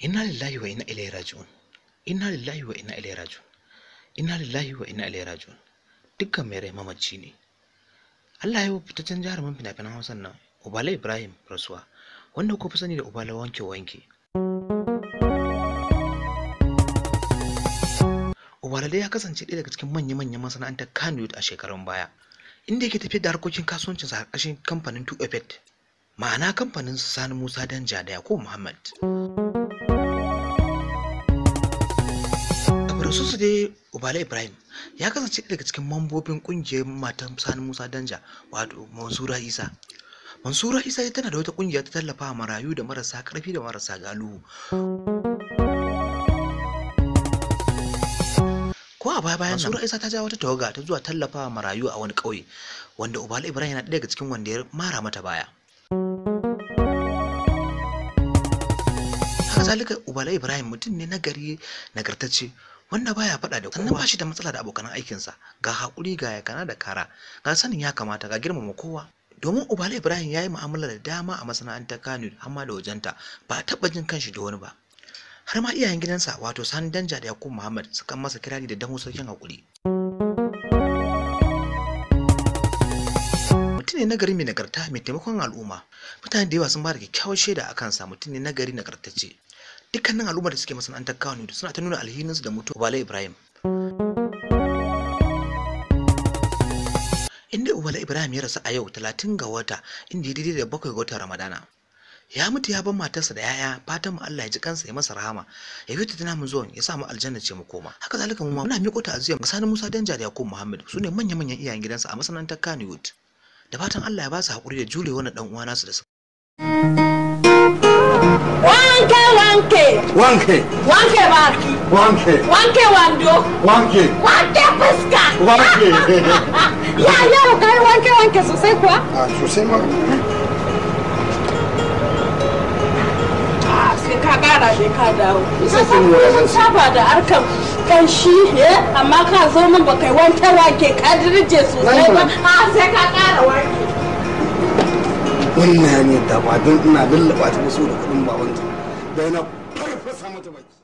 inna lillahi wa inna ilaihi raji'un inna lillahi wa inna ilaihi raji'un inna lillahi wa inna ilaihi raji'un dukkan mai rai mamaci ne Allah ya fitaccen mun fina-finan Hausa nan Ubala Ibrahim Rasuwa wanda ku fi sani da Ubala wanke wanke Ubala dai ya kasance ɗaya daga cikin manya-manyan masana'antar Kano a shekarun baya inda yake tafiyar da harkokin kasuwancinsa a ƙarƙashin kamfanin 2 effect ma'ana kamfanin su sani musa danja da yakub muhammad Rususu dai Ubala Ibrahim ya kasance daga cikin mambobin kungiyar matan Sani Musa Danja wato Mansura Isa. Mansura Isa tana da wata kungiya ta tallafa marayu da marasa karfi da marasa galu. ko a baya bayan Mansura Isa ta ja wata tawaga ta zuwa tallafa marayu a wani ƙauye wanda Ubala Ibrahim yana daga cikin wanda ya mara mata baya. kazalika ubala ibrahim mutum ne nagari nagartacce wanda baya faɗa da kowa bashi da matsala da abokan aikinsa ga hakuri ga yakana da kara ga sanin ya kamata ga girmama kowa domin ubala ibrahim ya yi mu'amala da dama a masana'antar kano amma da wajenta ba a taɓa jin kanshi da wani ba har ma iyayen gidansa wato sani danja da yakubu muhammad suka masa kirari da damo sarkin hakuri. mutum ne nagari mai nagarta mai taimakon al'umma mutane da yawa sun ba da kyakkyawar shaida a kansa mutum ne nagari nagartacce dukkanin al'ummar da suke masana'antar kawai da suna ta nuna alhininsu da mutuwa Ubala Ibrahim. Inda Ubala Ibrahim ya rasu a yau talatin ga wata inda ya daidai da bakwai ga watan Ramadana. Ya mutu ya ban matarsa da yaya fatan mu Allah ya ji kansa ya masa rahama ya fita tana mu zuwa ya samu aljanna ce mu koma. Haka zalika mu ma muna miƙo ta aziyar Sani Musa Danja da Yakubu Muhammad su ne manya-manyan iyayen gidansa a masana'antar Kannywood. Da fatan Allah ya ba su haƙuri da jure na ɗan uwa nasu da wanke wanke baki wanke wanke wando wanke wanke fuska wanke ya yau kai wanke wanke sosai kuwa a ah, sosai ma ah, sai ka gara sai ka dawo sun saba da harkar kanshi eh, amma ka zo min ba kai wanke wanke ka dirje sosai ba a ah, sai ka kara wanke wannan ne da ba don ina lallaba ta so da kudin ba wancan 頑張ってもい